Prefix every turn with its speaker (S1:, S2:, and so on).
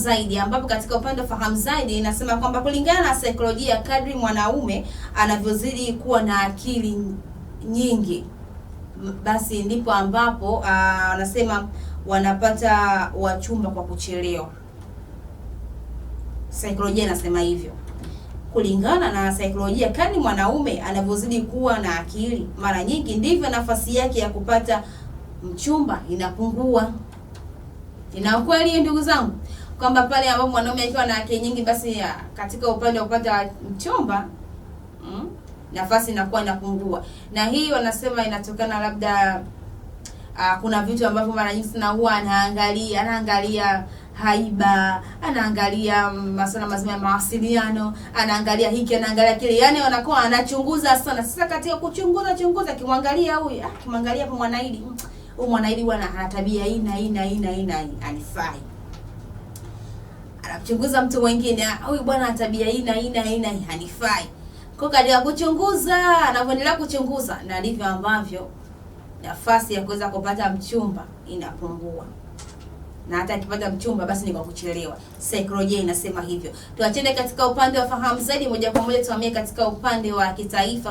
S1: zaidi, ambapo katika upande wa fahamu zaidi inasema kwamba kulingana na saikolojia, kadri mwanaume anavyozidi kuwa na akili nyingi, basi ndipo ambapo ah, anasema wanapata wachumba kwa kuchelewa. Saikolojia inasema hivyo. Kulingana na saikolojia, kadri mwanaume anavyozidi kuwa na akili, mara nyingi ndivyo nafasi yake ya kupata mchumba inapungua. Ina ukweli ndugu zangu kwamba pale ambapo mwanaume akiwa na wake nyingi, basi ya, katika upande wa kupata mchumba mm, nafasi inakuwa inapungua, na hii wanasema inatokana labda Uh, kuna vitu ambavyo mara nyingi sana huwa anaangalia anaangalia haiba, anaangalia mm, masuala mazima ya mawasiliano, anaangalia hiki, anaangalia kile, yani wanakuwa anachunguza sana. Sasa katika kuchunguza chunguza, kimwangalia huyu, ah, kimwangalia hapo Mwanaidi, mm, huyu Mwanaidi bwana ana tabia hii na hii na hii na hii, anifai anamchunguza mtu mwingine, ah, huyu bwana tabia hii na hii na hii hanifai. Kwa katika kuchunguza, anavyoendelea kuchunguza na ndivyo ambavyo nafasi ya kuweza kupata mchumba inapungua na hata akipata mchumba basi ni kwa kuchelewa. Saikolojia inasema hivyo. Tuachende katika upande wa fahamu zaidi, moja kwa moja tuhamie katika upande wa kitaifa.